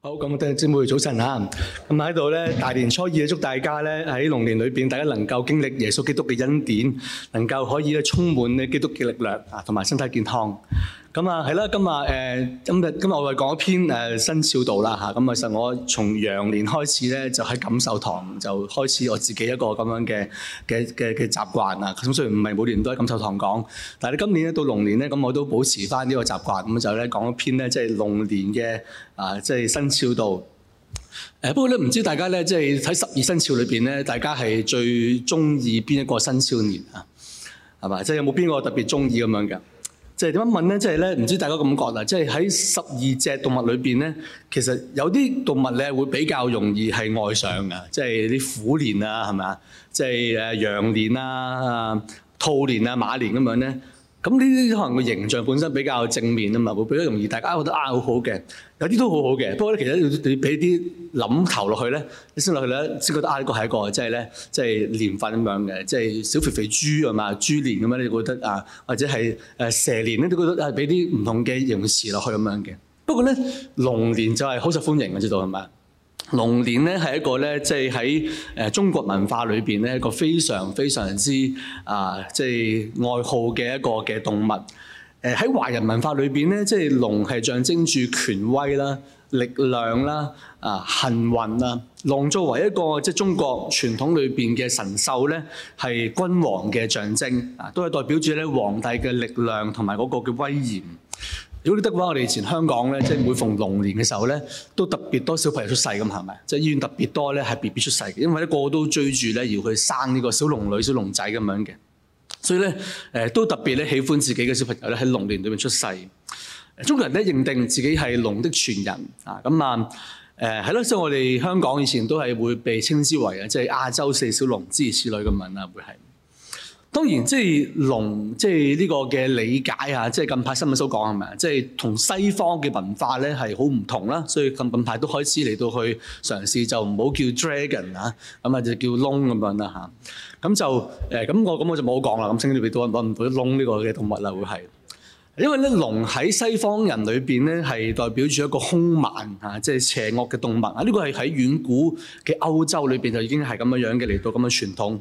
好，咁啊，姐妹早晨吓，咁喺度咧，大年初二祝大家咧喺龍年裏邊，大家能夠經歷耶穌基督嘅恩典，能夠可以咧充滿咧基督嘅力量啊，同埋身體健康。咁啊，係啦，今日誒，今日今日我哋講一篇誒生肖道啦嚇。咁其實我從羊年開始咧，就喺感受堂就開始我自己一個咁樣嘅嘅嘅嘅習慣啊。咁雖然唔係每年都喺感受堂講，但係今年咧到龍年咧，咁我都保持返呢個習慣，咁就咧講一篇咧即係龍年嘅。啊，即係生肖道，誒、哎、不過咧，唔知大家咧，即係喺十二生肖裏邊咧，大家係最中意邊一個生肖年啊？係嘛、就是？即係有冇邊個特別中意咁樣嘅？即係點樣問咧？即係咧，唔知大家感覺啦。即係喺十二隻動物裏邊咧，其實有啲動物咧會比較容易係愛上嘅，即係啲虎年啊，係嘛？即係誒羊年啊、兔年啊、馬年咁樣咧。咁呢啲可能個形象本身比較正面啊嘛，會比較容易大家覺得啊好好嘅，有啲都好好嘅。不過咧，其實你要俾啲諗頭落去咧，你先落去咧先覺得啊呢個係一個即係咧，即係年份咁樣嘅，即係小肥肥豬啊嘛，豬年咁樣你覺得啊，或者係誒蛇年咧都覺得啊俾啲唔同嘅形容詞落去咁樣嘅。不過咧，龍年就係好受歡迎嘅，知道係咪？龍年咧係一個咧，即係喺中國文化裏面咧，一個非常非常之啊，即係愛好嘅一個嘅動物。誒喺華人文化裏面，咧，即係龍係象徵住權威啦、力量啦、啊幸運啦。龍作為一個即係中國傳統裏面嘅神獸咧，係君王嘅象徵啊，都係代表住咧皇帝嘅力量同埋嗰個嘅威嚴。如果啲德國，我哋以前香港咧，即係每逢龍年嘅時候咧，都特別多小朋友出世咁，係咪？即、就、係、是、醫院特別多咧，係 B B 出世嘅，因為咧個個都追住咧要佢生呢個小龍女、小龍仔咁樣嘅，所以咧誒、呃、都特別咧喜歡自己嘅小朋友咧喺龍年裡面出世。中國人咧認定自己係龍的傳人啊，咁啊誒係咯，即、呃、係我哋香港以前都係會被稱之為啊，即係亞洲四小龍之類咁樣啊，會係。當然龍，即係龍，即係呢個嘅理解啊！即係近排新聞所講係咪啊？即係同西方嘅文化咧係好唔同啦，所以近近排都開始嚟到去嘗試，就唔好叫 dragon 啊，咁啊就叫龍咁樣啦嚇。咁就誒咁我咁我就冇講啦。咁聖經裏邊都搵唔到龍呢個嘅動物啦，會係因為咧龍喺西方人裏邊咧係代表住一個兇猛嚇，即係邪惡嘅動物。啊，呢個係喺遠古嘅歐洲裏邊就已經係咁樣樣嘅嚟到咁嘅傳統。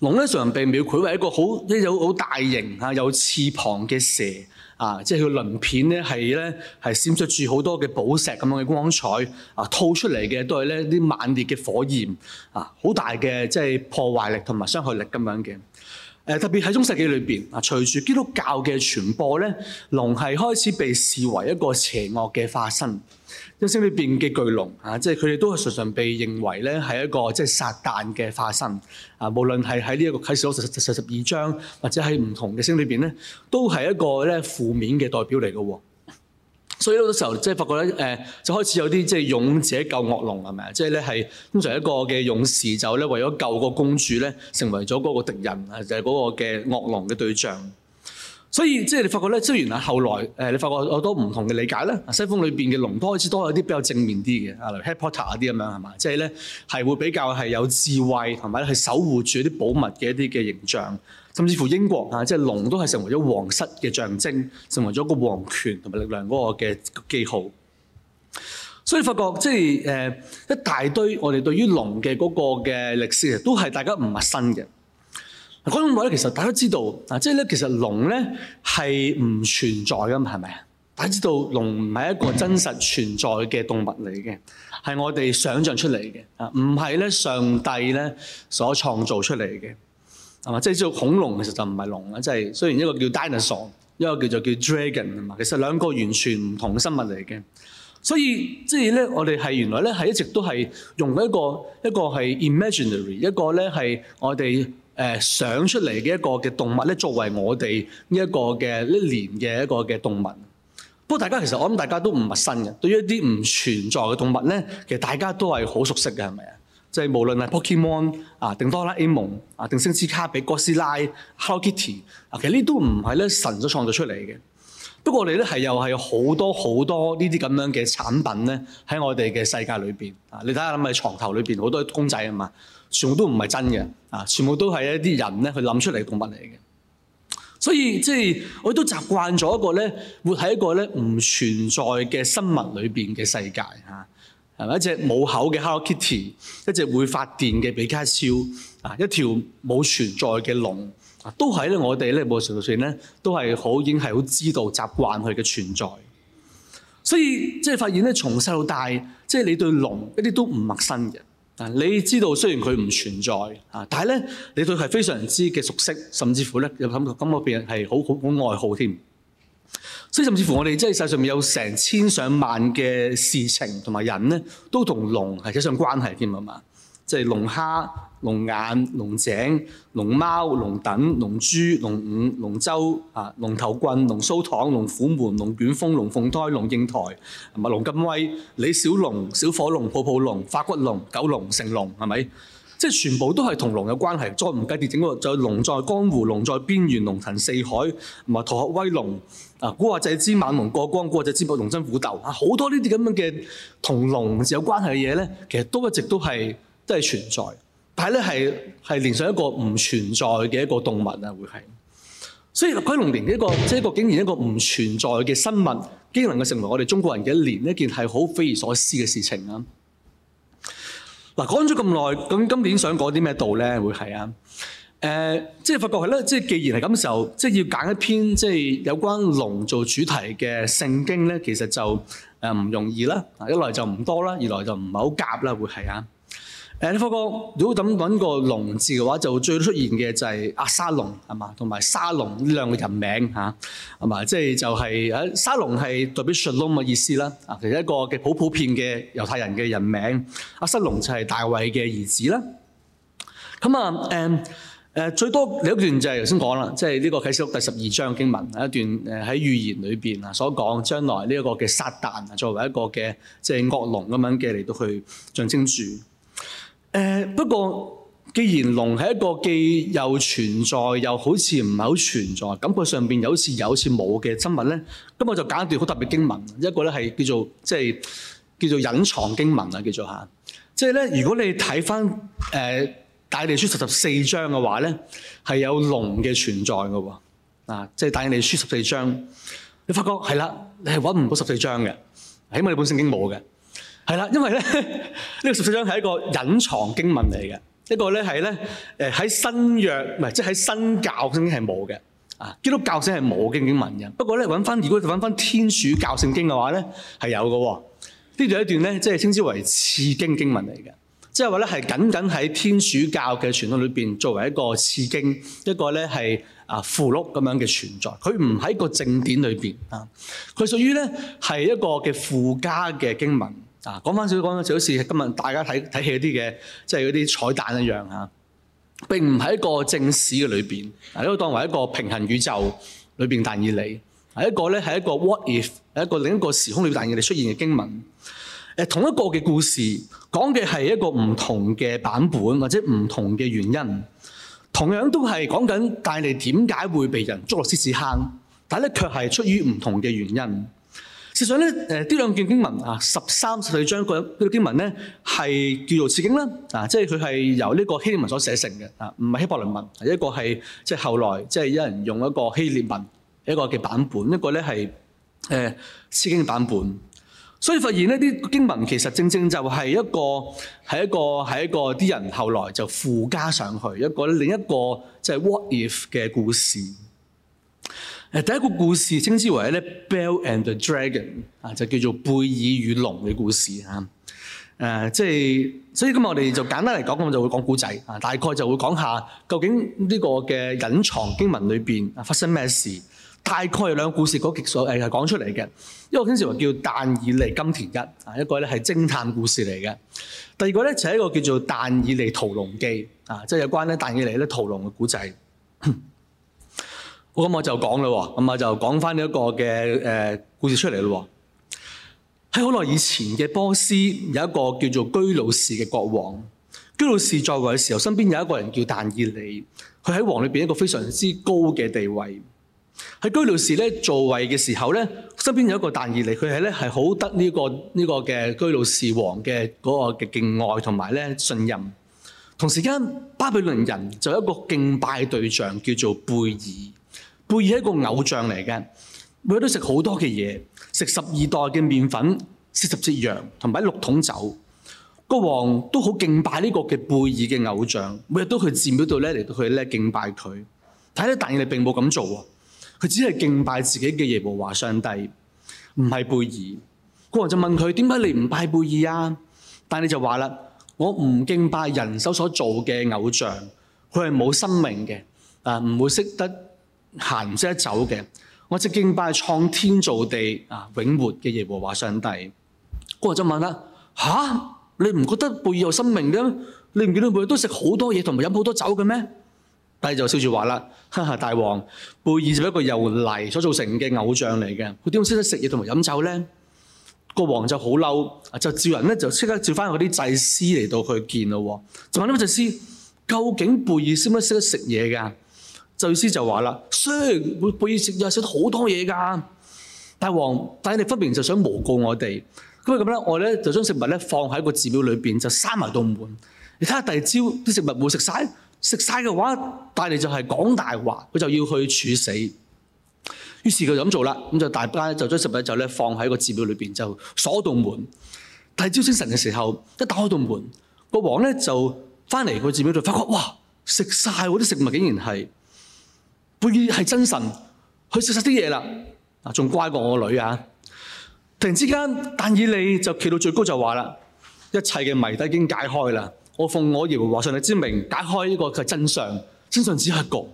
龍呢常人被描繪為一個好，一隻好大型嚇，有翅膀嘅蛇啊，即係佢鱗片咧係咧係閃出住好多嘅寶石咁樣嘅光彩啊，吐出嚟嘅都係咧啲猛烈嘅火焰啊，好大嘅即係破壞力同埋傷害力咁樣嘅。誒特別喺中世紀裏邊啊，隨住基督教嘅傳播咧，龍係開始被視為一個邪惡嘅化身。喺聖經裏邊嘅巨龍啊，即係佢哋都係常常被認為咧係一個即係撒但嘅化身啊。無論係喺呢一個啟示錄十十十十二章，或者喺唔同嘅聖經裏邊咧，都係一個咧負面嘅代表嚟嘅喎。所以好多時候，即係發覺咧、呃，就開始有啲即係勇者救惡龍係咪啊？即係咧係通常一個嘅勇士就咧為咗救個公主咧，成為咗嗰個敵人啊，就係嗰個嘅惡龍嘅對象。所以即係你發覺咧，雖然啊後來、呃、你發覺好多唔同嘅理解咧，西方裏面嘅龍都開始都有啲比較正面啲嘅，例如 Harry Potter 啲咁樣係嘛？即係咧係會比較係有智慧同埋咧係守護住啲寶物嘅一啲嘅形象。甚至乎英國啊，即係龍都係成為咗皇室嘅象徵，成為咗個皇權同埋力量嗰個嘅記號。所以發覺即係誒一大堆我哋對於龍嘅嗰個嘅歷史，其實都係大家唔陌生嘅。講到話咧，其實大家都知道啊，即係咧，其實龍咧係唔存在噶嘛，係咪啊？大家知道龍唔係一個真實存在嘅動物嚟嘅，係我哋想像出嚟嘅啊，唔係咧上帝咧所創造出嚟嘅。啊！即係知道恐龍，其實就唔係龍啦。即係雖然一個叫 dinosaur，一個叫做叫 dragon，係嘛？其實兩個完全唔同嘅生物嚟嘅。所以即係咧，就是，我哋係原來咧係一直都係用一個一個係 imaginary，一個咧係我哋誒想出嚟嘅一個嘅動物咧，作為我哋呢一個嘅一年嘅一個嘅動物。不過大家其實我諗大家都唔陌生嘅，對於一啲唔存在嘅動物咧，其實大家都係好熟悉嘅，係咪啊？即係無論係 Pokemon 啊，定哆啦 A 夢啊，定星之卡比、哥斯拉、Hello Kitty 啊，其實呢都唔係咧神所創造出嚟嘅。不過我哋咧係又係好多好多呢啲咁樣嘅產品咧，喺我哋嘅世界裏邊啊，你睇下諗下床頭裏邊好多公仔啊嘛，全部都唔係真嘅啊，全部都係一啲人咧去諗出嚟嘅動物嚟嘅。所以即係、就是、我都習慣咗一個咧，活喺一個咧唔存在嘅生物裏邊嘅世界嚇。啊一隻冇口嘅 Hello Kitty，一隻會發電嘅比卡超啊，一條冇存在嘅龍，啊都喺咧我哋咧，冇成從性咧，都係好已經係好知道習慣佢嘅存在。所以即係發現咧，從細到大，即係你對龍一啲都唔陌生嘅，啊你知道雖然佢唔存在，啊但係咧你對佢係非常之嘅熟悉，甚至乎咧有感覺咁嗰邊係好好好愛好添。所以甚至乎我哋即係世上面有成千上萬嘅事情同埋人呢，都同龍係扯上關係嘅嘛嘛，即係龍蝦、龍眼、龍井、龍貓、龍躉、龍珠、龍五、龍舟啊、龍頭棍、龍鬚糖、龍虎門、龍捲風、龍鳳胎、龍應台，同埋龍金威、李小龍、小火龍、泡泡龍、發骨龍、九龍、成龍，係咪？即係全部都係同龍有關係。再唔計跌整個，再龍在江湖，龍在邊緣，龍騰四海，同埋《逃學威龍》。啊！古惑仔之猛龍過江，古惑仔之百龍爭虎鬥。啊，好多呢啲咁樣嘅同龍有關係嘅嘢咧，其實都一直都係都係存在。但係咧係係連上一個唔存在嘅一個動物啊，會係。所以立龜龍年嘅一個，即係一個竟然一個唔存在嘅生物，竟然能夠成為我哋中國人嘅一年，一件係好匪夷所思嘅事情啊！嗱，講咗咁耐，咁今年想講啲咩道咧？會係啊？誒、呃，即係發覺係咧，即係既然係咁時候，即係要揀一篇即係有關龍做主題嘅聖經咧，其實就誒唔、呃、容易啦。一來就唔多啦，二來就唔係好夾啦，會係啊。誒、呃，你發覺如果咁揾個龍字嘅話，就最出現嘅就係阿沙龍係嘛，同埋沙龍呢兩個人名嚇係嘛，即係就係、是、阿、啊、沙龍係代表 Shalom 嘅意思啦。啊，其實一個嘅普普遍嘅猶太人嘅人名，阿沙龍就係大衛嘅兒子啦。咁啊誒。嗯誒，最多有一段就係頭先講啦，即係呢個啟示錄第十二章經文一段誒，喺預言裏邊啊所講將來呢一個嘅撒但啊作為一個嘅即係惡龍咁樣嘅嚟到去象徵住。誒、呃、不過既然龍係一個既又存在又好似唔係好存在，咁佢上邊有好似有好似冇嘅真物咧，咁我就揀一段好特別經文，一個咧係叫做即係叫做隱藏經文啊，叫做嚇。即係咧如果你睇翻誒。呃但以理書十四章嘅話咧，係有龍嘅存在嘅喎，啊，即係但以理書十四章，你發覺係啦，你係揾唔到十四章嘅，起碼你本聖經冇嘅，係啦，因為咧呢個十四章係一個隱藏經文嚟嘅，一個咧係咧誒喺新約唔係即係喺新教聖經係冇嘅，啊，基督教聖經係冇嘅經文嘅，不過咧揾翻如果你揾翻天主教聖經嘅話咧係有嘅，呢度一段咧即係稱之為次經經文嚟嘅。即係話咧，係僅僅喺天主教嘅傳統裏面作為一個次經，一個咧係啊附錄咁樣嘅存在。佢唔喺個正典裏面，啊，佢屬於咧係一個嘅附加嘅經文啊。講翻少少講就好似今日大家睇睇戲啲嘅，即係嗰啲彩蛋一樣啊。並唔喺個正史嘅裏面。啊，你可以當為一個平衡宇宙裏邊嘅但以理，一個咧係一個 what if 係一個另一個時空裏邊但以理出現嘅經文。誒同一個嘅故事，講嘅係一個唔同嘅版本，或者唔同嘅原因。同樣都係講緊但以理點解會被人捉落獅子坑，但係咧卻係出於唔同嘅原因。事實咧，誒啲兩件經文啊，十三、十四章嗰啲經文咧係叫做次經啦，啊，即係佢係由呢個希臘文所寫成嘅，啊，唔係希伯來文，一個係即係後來即係有人用一個希臘文一個嘅版本，一個咧係、呃、次經版本。所以發現呢啲經文其實正正就係一個係一個係一個啲人後來就附加上去一個另一個即係 What if 嘅故事。誒第一個故事稱之為咧《Bell and the Dragon》啊，就叫做《貝爾與龍》嘅故事啊。誒即係所以今日我哋就簡單嚟講，我就會講古仔啊，大概就會講下究竟呢個嘅隱藏經文裏面啊發生咩事。大概有兩個故事嗰極數誒係講出嚟嘅，一個經典話叫《但以理金田一》，啊一個咧係偵探故事嚟嘅；第二個咧就係一個叫做《但以理屠龍記》，啊即係有關咧但以理咧屠龍嘅故仔。好咁我就講啦，咁啊就講翻呢一個嘅誒故事出嚟啦。喺好耐以前嘅波斯，有一個叫做居魯士嘅國王。居魯士在位嘅時候，身邊有一個人叫但以理，佢喺王裏邊一個非常之高嘅地位。喺居魯士咧做位嘅時候咧，身邊有一個但以理，佢係咧係好得呢、呢個呢、呢個嘅居魯士王嘅嗰個嘅敬愛同埋咧信任。同時間巴比倫人就有一個敬拜對象叫做貝爾，貝爾係一個偶像嚟嘅，每日都食好多嘅嘢，食十二袋嘅麵粉，四十隻羊同埋六桶酒。個王都好敬拜呢個嘅貝爾嘅偶像，每日都去他寺廟度咧嚟到佢咧敬拜佢。但係咧但以理並冇咁做。佢只係敬拜自己嘅耶和華上帝，唔係貝爾。國王就問佢：點解你唔拜貝爾啊？但係你就話啦：我唔敬拜人手所做嘅偶像，佢係冇生命嘅，啊唔會識得行唔識得走嘅。我只敬拜創天造地啊永活嘅耶和華上帝。國王就問啦：吓、啊？你唔覺得貝爾有生命嘅咩？你唔見到貝爾都食好多嘢同埋飲好多酒嘅咩？第就笑住話啦：哈哈！大王，貝爾是一個由泥所造成嘅偶像嚟嘅，佢點樣識得食嘢同埋飲酒咧？個王就好嬲，就照人咧就即刻召翻嗰啲祭師嚟到去見咯。就問呢個祭師：究竟貝爾識唔識得食嘢㗎？祭師就話啦：雖然貝貝爾食又食好多嘢㗎，大王，但係你分明就想無告我哋咁啊咁啦。樣我咧就將食物咧放喺個紙表裏邊就塞埋到門。你睇下第二朝啲食物冇食晒。食晒嘅話，但嚟就係講大話，佢就要去處死。於是佢就咁做啦，咁就大家就將食物就咧放喺個寺廟裏邊，就鎖到門。第二朝清晨嘅時候，一打開到門，個王咧就翻嚟個寺廟度，發覺哇，食晒喎啲食物，竟然係本意係真神去食晒啲嘢啦。啊，仲乖過我女啊！突然之間，但以理就企到最高，就話啦：一切嘅謎底已經解開啦。我奉我耶和華上帝之名，解開呢個嘅真相。真相只有一個。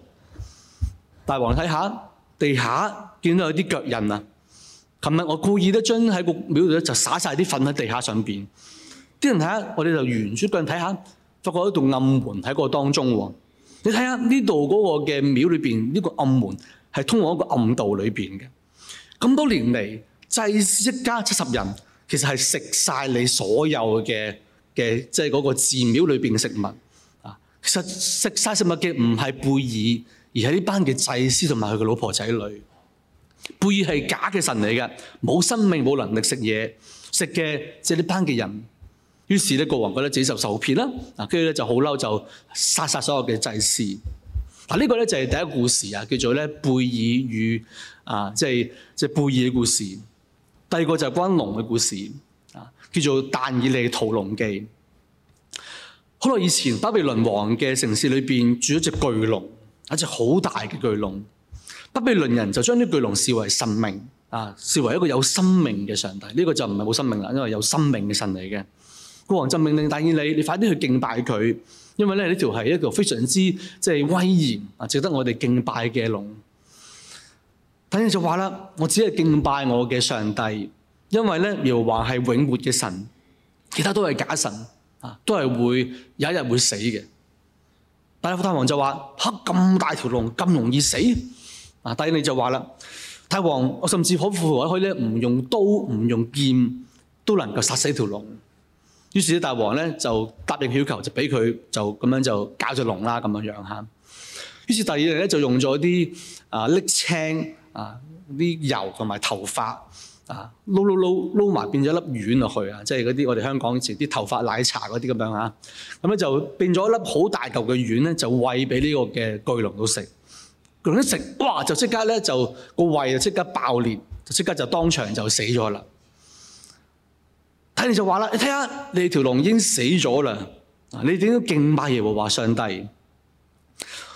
大王睇下，地下見到有啲腳印啊！琴日我故意咧將喺個廟度咧就撒曬啲粉喺地下上邊。啲人睇下，我哋就沿住腳睇下，發覺一度暗門喺個當中喎。你睇下呢度嗰個嘅廟裏邊呢個暗門係通往一個暗道裏邊嘅。咁多年嚟祭司一家七十人，其實係食曬你所有嘅。嘅即係嗰個寺廟裏邊嘅食物啊，其實食曬食物嘅唔係貝爾，而係呢班嘅祭司同埋佢嘅老婆仔女。貝爾係假嘅神嚟嘅，冇生命，冇能力食嘢，食嘅即係呢班嘅人。於是咧，國王覺得自己受受騙啦，嗱跟住咧就好嬲，就殺殺所有嘅祭司。嗱、啊這個、呢個咧就係、是、第一個故事啊，叫做咧貝爾與啊即係即係貝爾嘅故事。第二個就係關龍嘅故事。叫做但以利屠龍記。好耐以前巴比倫王嘅城市裏邊住咗隻巨龍，一隻好大嘅巨龍。巴比倫人就將呢隻巨龍視為神明啊，視為一個有生命嘅上帝。呢、這個就唔係冇生命啦，因為有生命嘅神嚟嘅。國王就命令但以利：「你快啲去敬拜佢，因為咧呢條係一個非常之即係、就是、威嚴啊，值得我哋敬拜嘅龍。但係就話啦，我只係敬拜我嘅上帝。因為咧，猶華係永活嘅神，其他都係假神啊，都係會有一日會死嘅。但係大王就話：吓，咁大條龍咁容易死？啊！但以理就話啦，大王，我甚至乎可以咧，唔用刀，唔用劍都能夠殺死條龍。於是大王咧就答應佢要求，就俾佢就咁樣就搞咗龍啦，咁樣樣吓。於是第二日咧就用咗啲啊，呃、瀝青啊，呃、啲油同埋頭髮。啊，撈撈撈撈埋變咗粒丸落去啊！即係嗰啲我哋香港以前啲頭髮奶茶嗰啲咁樣嚇，咁咧就變咗一粒好大嚿嘅丸咧，就餵俾呢個嘅巨龍到食。巨龍一食，哇！就即刻咧就個胃就即刻爆裂，就即刻就當場就死咗啦。睇嚟就話啦，你睇下你條龍已經死咗啦，你點都敬拜耶和華上帝。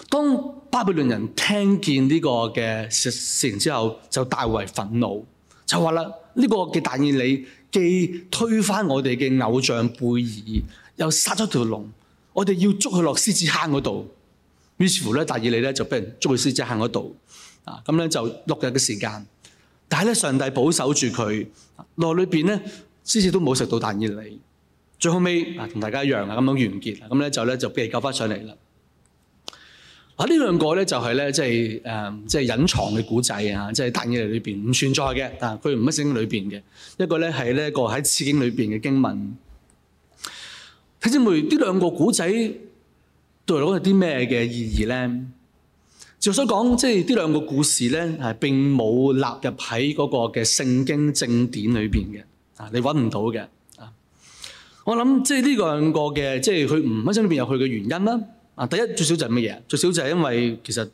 當巴比倫人聽見呢個嘅事事完之後，就大為憤怒。就話啦，呢個嘅但以理既推翻我哋嘅偶像貝爾，又殺咗條龍，我哋要捉佢落獅子坑嗰度，於是乎咧但以理咧就俾人捉去獅子坑嗰度，啊咁咧就六日嘅時間，但係咧上帝保守住佢，內裏邊咧獅子都冇食到但以理，最後尾啊同大家一樣啊咁樣完結，咁咧就咧就被人救翻上嚟啦。嚇！呢兩、啊、個咧就係、是、咧、呃，即係誒，即係隱藏嘅古仔啊，即係《但以理》裏邊唔存在嘅，啊，佢唔喺聖經裏面嘅。一個咧係呢一個喺次經裏面嘅經文。睇姐妹呢兩個古仔對我講啲咩嘅意義咧？就所講，即係呢兩個故事咧係、啊、並冇納入喺嗰個嘅聖經正典裏面嘅，啊，你揾唔到嘅。啊，我諗即係呢個兩個嘅，即係佢唔喺聖經裏邊有佢嘅原因啦。啊！第一最少就係乜嘢？最少就係因為其實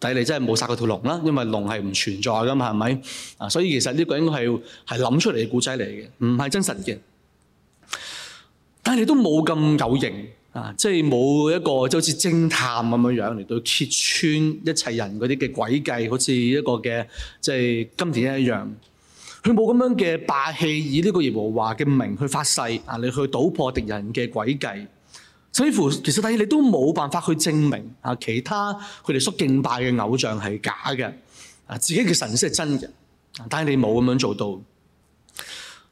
底你真係冇殺過條龍啦，因為龍係唔存在㗎嘛，係咪？啊！所以其實呢個應該係係諗出嚟嘅故仔嚟嘅，唔係真實嘅。但係你都冇咁有，有型啊！即係冇一個就係、好似偵探咁樣樣嚟到揭穿一切人嗰啲嘅詭計，好似一個嘅即係金田一一樣。佢冇咁樣嘅霸氣，以呢個耶和華嘅名去發誓啊！你去道破敵人嘅詭計。似乎其實但係你都冇辦法去證明啊，其他佢哋所敬拜嘅偶像係假嘅，啊自己嘅神識係真嘅，但係你冇咁樣做到，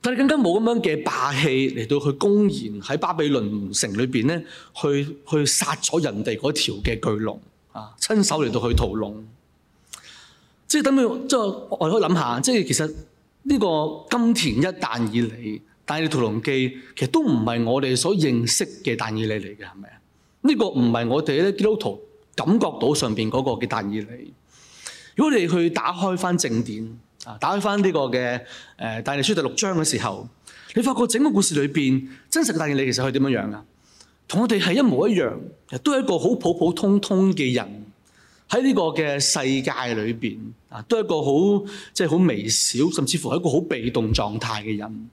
但係更加冇咁樣嘅霸氣嚟到去公然喺巴比倫城裏邊咧，去去殺咗人哋嗰條嘅巨龍啊，親手嚟到去屠龍，即係等佢即係我可以諗下，即係其實呢個金田一但以理。但係《屠龍記》其實都唔係我哋所認識嘅但以理嚟嘅，係咪啊？呢、這個唔係我哋咧基督徒感覺到上邊嗰個嘅但以理。如果你去打開返正典啊，打開返、這、呢個嘅《但以理書》第六章嘅時候，你發覺整個故事裏邊真實嘅但以理其實係點樣樣啊？同我哋係一模一樣，都係一個好普普通通嘅人喺呢個嘅世界裏邊啊，都係一個好即係好微小，甚至乎係一個好被動狀態嘅人。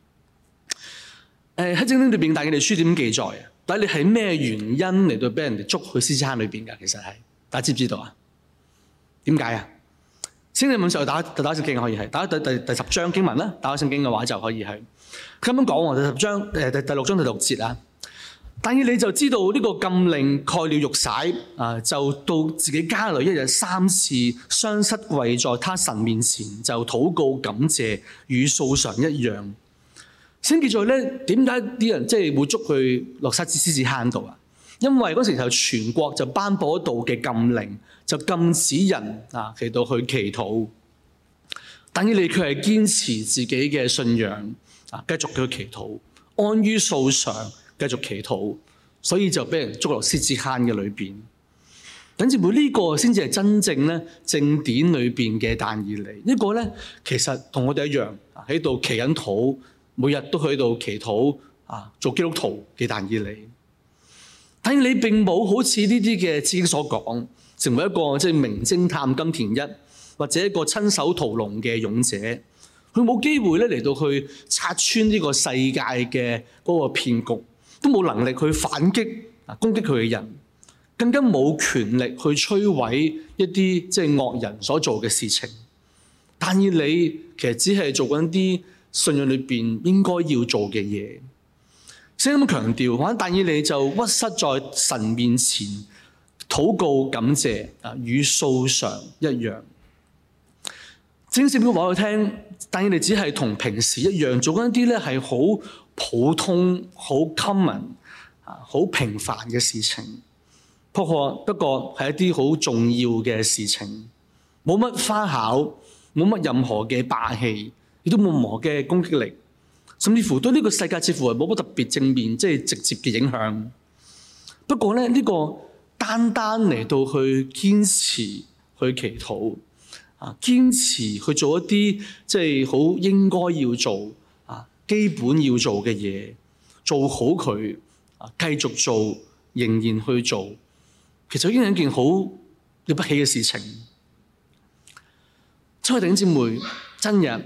誒喺聖經裏邊，但以理書點記載啊？但以理係咩原因嚟到俾人哋捉去獅子坑裏邊㗎？其實係，大家知唔知道啊？點解啊？聖你五就又打打聖經可以係打第第第十章經文啦，打開聖經嘅話就可以係佢咁講喎，第十章誒第第六章第六節啊，但以理，你就知道呢個禁令蓋了玉璽啊，就到自己家裏一日三次，雙膝跪在他神面前，就禱告感謝，與素常一樣。先叫做咧，點解啲人即係會捉佢落塞子獅子坑度啊？因為嗰時就全國就頒布一道嘅禁令，就禁止人啊，喺度去祈禱。但以理，佢係堅持自己嘅信仰啊，繼續去祈禱，安於素常，繼續祈禱，所以就俾人捉落獅子坑嘅裏邊。等住佢呢個先至係真正咧正典裏邊嘅但以理。呢、這個咧其實同我哋一樣，喺度祈緊禱。每日都喺度祈禱啊，做基督徒嘅但以理，但以理並冇好似呢啲嘅知己所講，成為一個即係名偵探金田一或者一個親手屠龍嘅勇者，佢冇機會咧嚟到去拆穿呢個世界嘅嗰個騙局，都冇能力去反擊啊攻擊佢嘅人，更加冇權力去摧毀一啲即係惡人所做嘅事情。但以理其實只係做緊啲。信仰裏邊應該要做嘅嘢，聲音強調：，但以理就屈膝在神面前禱告感謝，啊，與素常一樣。聖經只係話我聽，但以利只係同平時一樣，做緊一啲咧係好普通、好 common、啊好平凡嘅事情。不過不過係一啲好重要嘅事情，冇乜花巧，冇乜任何嘅霸氣。亦都冇咩嘅攻擊力，甚至乎對呢個世界似乎係冇乜特別正面即係、就是、直接嘅影響。不過咧，呢、這個單單嚟到去堅持去祈禱啊，堅持去做一啲即係好應該要做啊，基本要做嘅嘢，做好佢啊，繼續做，仍然去做，其實已經係一件好了不起嘅事情。差頂姊妹，真嘅。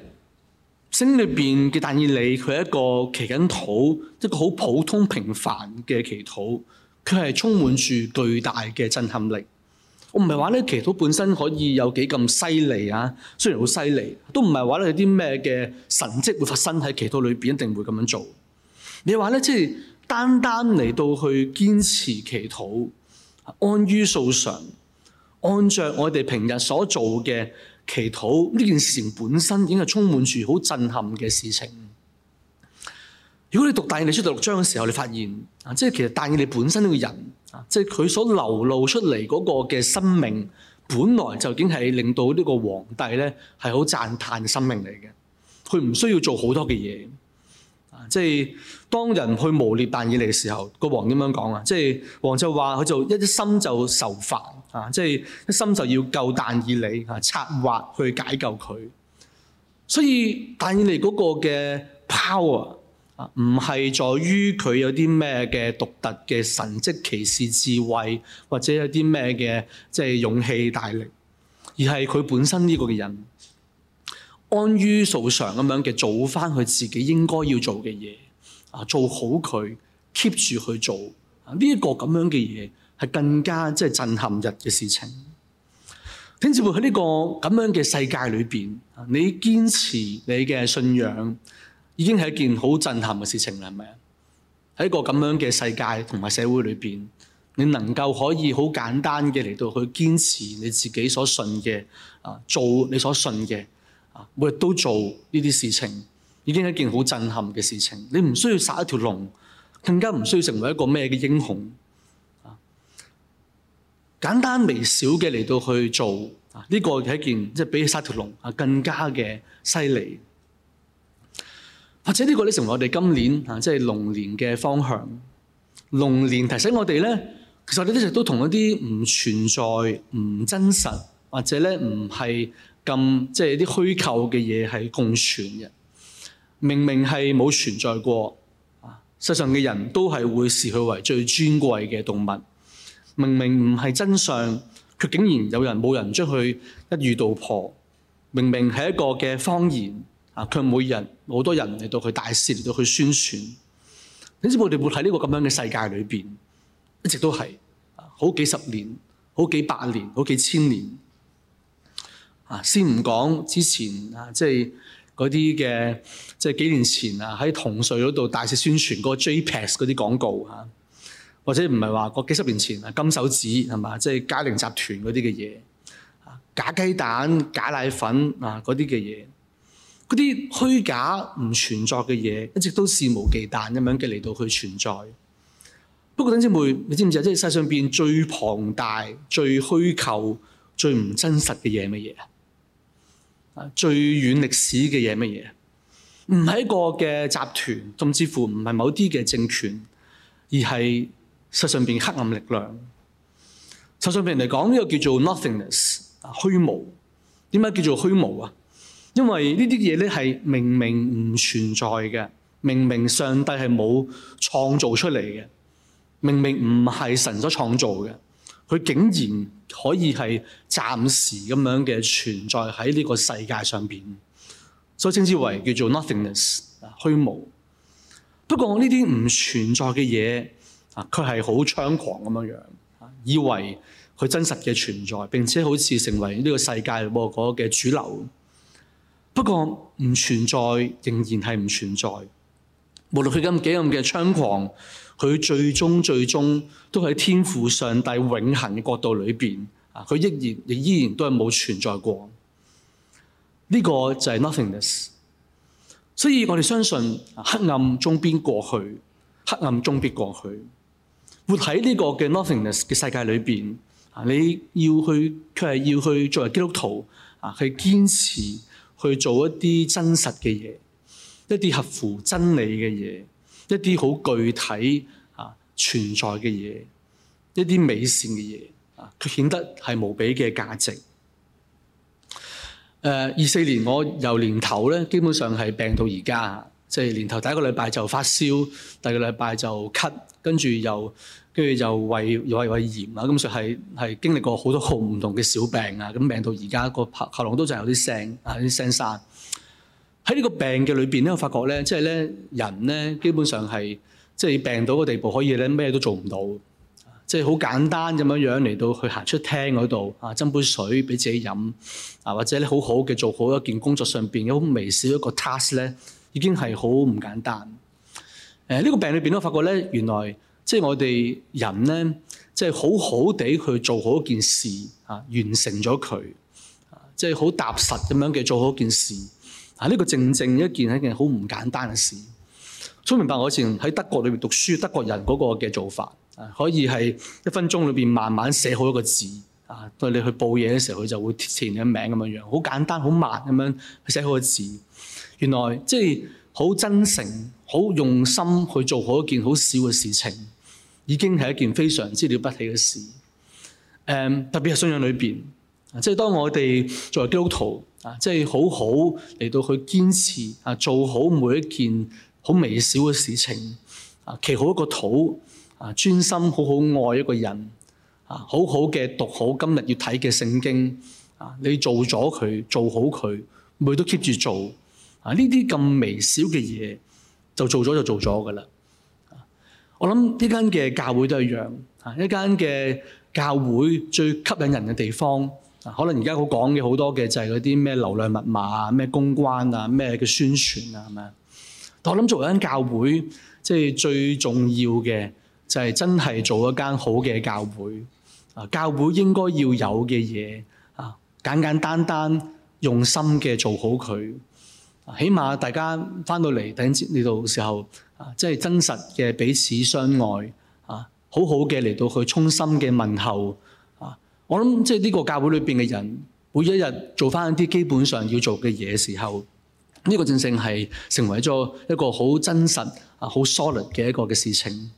聖經裏邊嘅但以理，佢一個祈緊禱，一個好普通平凡嘅祈禱，佢係充滿住巨大嘅震撼力。我唔係話呢祈禱本身可以有幾咁犀利啊，雖然好犀利，都唔係話咧有啲咩嘅神蹟會發生喺祈禱裏邊，一定會咁樣做。你話咧，即係單單嚟到去堅持祈禱，安於素常，按着我哋平日所做嘅。祈禱呢件事情本身已經係充滿住好震撼嘅事情。如果你讀但以理書第六章嘅時候，你發現啊，即係其實但以理本身呢個人啊，即係佢所流露出嚟嗰個嘅生命，本來就已經係令到呢個皇帝咧係好讚歎嘅生命嚟嘅。佢唔需要做好多嘅嘢。即係當人去誣蔑但以理嘅時候，個王點樣講啊？即係王就話佢就一心就愁煩啊！即係一心就要救但以理，啊，策劃去解救佢。所以但以理嗰個嘅 power 啊，唔係在於佢有啲咩嘅獨特嘅神蹟奇事智慧，或者有啲咩嘅即係勇氣大力，而係佢本身呢個嘅人。安於素常咁樣嘅做翻佢自己應該要做嘅嘢，啊，做好佢 keep 住去做呢一、這個咁樣嘅嘢，係更加即係震撼日嘅事情。天主會喺呢個咁樣嘅世界裏邊，你堅持你嘅信仰，已經係一件好震撼嘅事情啦。係咪喺一個咁樣嘅世界同埋社會裏邊，你能夠可以好簡單嘅嚟到去堅持你自己所信嘅啊，做你所信嘅。每日都做呢啲事情，已經係一件好震撼嘅事情。你唔需要殺一條龍，更加唔需要成為一個咩嘅英雄。啊，簡單微小嘅嚟到去做啊，呢、這個係一件即係、就是、比起殺條龍啊更加嘅犀利。或者呢個咧成為我哋今年啊，即係龍年嘅方向。龍年提醒我哋咧，其實你一直都同一啲唔存在、唔真實或者咧唔係。咁即係啲虛構嘅嘢係共存嘅，明明係冇存在過啊！世上嘅人都係會視佢為最尊貴嘅動物，明明唔係真相，卻竟然有人冇人將佢一語道破。明明係一個嘅謊言啊，卻每日好多人嚟到佢大肆嚟到佢宣傳。你知我哋活喺呢個咁樣嘅世界裏邊，一直都係好幾十年，好幾百年，好幾千年。啊！先唔講之前啊，即係嗰啲嘅，即係幾年前啊，喺銅鑼灣嗰度大肆宣傳嗰 JPEX 嗰啲廣告啊，或者唔係話個幾十年前啊，金手指係嘛，即係佳寧集團嗰啲嘅嘢啊，假雞蛋、假奶粉啊嗰啲嘅嘢，嗰啲虛假唔存在嘅嘢一直都肆無忌憚咁樣嘅嚟到去存在。不過等陣先，姊妹你知唔知啊？即係世上邊最龐大、最虛構、最唔真實嘅嘢係乜嘢啊？最遠歷史嘅嘢乜嘢？唔係一個嘅集團，甚至乎唔係某啲嘅政權，而係世上邊黑暗力量。世上邊嚟講呢個叫做 nothingness 啊，虛無。點解叫做虛無啊？因為呢啲嘢咧係明明唔存在嘅，明明上帝係冇創造出嚟嘅，明明唔係神所創造嘅。佢竟然可以係暫時咁樣嘅存在喺呢個世界上邊，所以稱之為叫做 nothingness 啊，虛無。不過呢啲唔存在嘅嘢啊，佢係好猖狂咁樣樣，以為佢真實嘅存在，並且好似成為呢個世界嗰個嘅主流。不過唔存在，仍然係唔存在。無論佢咁幾咁嘅猖狂。佢最終最終都喺天父上帝永恆嘅角度裏面，啊，佢依然亦依然都係冇存在過。呢、呢個就係 nothingness。所以我哋相信黑暗終必過去，黑暗終必過去。活喺呢個嘅 nothingness 嘅世界裏面。啊，你要去，佢係要去作為基督徒啊，去堅持去做一啲真實嘅嘢，一啲合乎真理嘅嘢。一啲好具體啊存在嘅嘢，一啲美善嘅嘢啊，佢顯得係無比嘅價值。誒、uh，二四年我由年頭咧，基本上係病到而家，即係年頭第一個禮拜就發燒，第二個禮拜就咳，跟住又跟住又胃又胃又胃炎啦，咁所以係係經歷過好多個唔同嘅小病啊，咁病到而家個喉喉嚨都仲有啲聲啊，有啲聲沙。喺呢個病嘅裏邊咧，我發覺咧，即係咧人咧，基本上係即係病到個地步，可以咧咩都做唔到，即係好簡單咁樣樣嚟到去行出廳嗰度啊，斟杯水俾自己飲啊，或者咧好好嘅做好一件工作上邊好微小嘅一個 task 咧，已經係好唔簡單。誒、啊、呢個病裏邊咧，我發覺咧，原來即係我哋人咧，即係好好地去做好一件事啊，完成咗佢、啊、即係好踏實咁樣嘅做好一件事。啊！呢、這個正正一件係一件好唔簡單嘅事。都明白我以前喺德國裏面讀書，德國人嗰個嘅做法啊，可以係一分鐘裏邊慢慢寫好一個字啊。對你去報嘢嘅時候，佢就會填你個名咁樣樣，好簡單，很慢好慢咁樣去寫好個字。原來即係好真誠、好用心去做好一件好小嘅事情，已經係一件非常之了不起嘅事。誒、嗯，特別係信仰裏邊。即係當我哋作為基督徒啊，即係好好嚟到去堅持啊，做好每一件好微小嘅事情啊，祈好一個禱啊，專心好好愛一個人啊，好好嘅讀好今日要睇嘅聖經啊，你做咗佢，做好佢，每都 keep 住做啊，呢啲咁微小嘅嘢就做咗就做咗㗎啦。我諗呢間嘅教會都係一樣啊，一間嘅教會最吸引人嘅地方。可能而家好講嘅好多嘅就係嗰啲咩流量密碼啊、咩公關啊、咩嘅宣傳啊，係咪？但我諗做為間教會，即係最重要嘅就係真係做一間好嘅教會。啊，教會應該要有嘅嘢啊，簡簡單單單用心嘅做好佢。起碼大家翻到嚟等到呢度時候啊，即係真實嘅彼此相愛啊，好好嘅嚟到去衷心嘅問候。我諗即係呢個教會裏邊嘅人，每一日做翻啲基本上要做嘅嘢時候，呢個正正係成為咗一個好真實啊、好 solid 嘅一個嘅事情。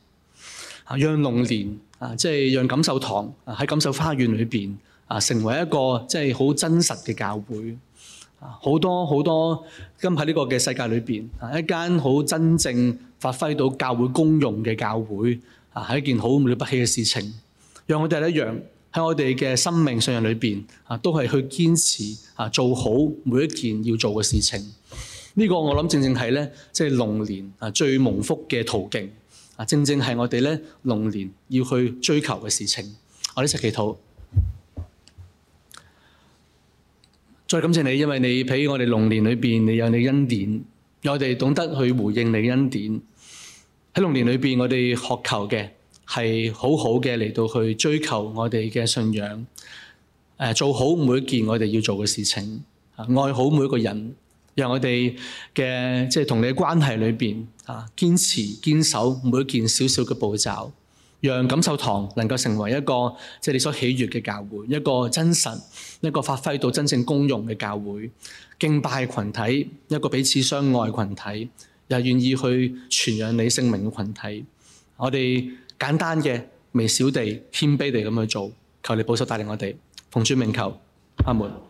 啊，讓龍年啊，即係讓錦繡堂喺錦繡花園裏邊啊，成為一個即係好真實嘅教會。啊，好多好多今喺呢個嘅世界裏邊啊，一間好真正發揮到教會功用嘅教會啊，係一件好了不起嘅事情。讓我哋係一樣。喺我哋嘅生命信仰裏邊，啊，都係去堅持啊，做好每一件要做嘅事情。呢個我諗正正係咧，即係龍年啊最蒙福嘅途徑啊，正正係我哋咧龍年要去追求嘅事情。我哋一齊祈禱，再感謝你，因為你畀我哋龍年裏邊，你有你恩典，我哋懂得去回應你嘅恩典。喺龍年裏邊，我哋渴求嘅。係好好嘅嚟到去追求我哋嘅信仰，誒做好每一件我哋要做嘅事情，愛好每一個人，讓我哋嘅即係同你嘅關係裏邊啊，堅持堅守每一件少少嘅步驟，讓錦繡堂能夠成為一個即係、就是、你所喜悅嘅教會，一個真實、一個發揮到真正功用嘅教會，敬拜群體，一個彼此相愛群體，又願意去傳揚你聖名嘅群體，我哋。簡單嘅，微小地、謙卑地咁去做，求你保守帶領我哋，奉主名求，阿門。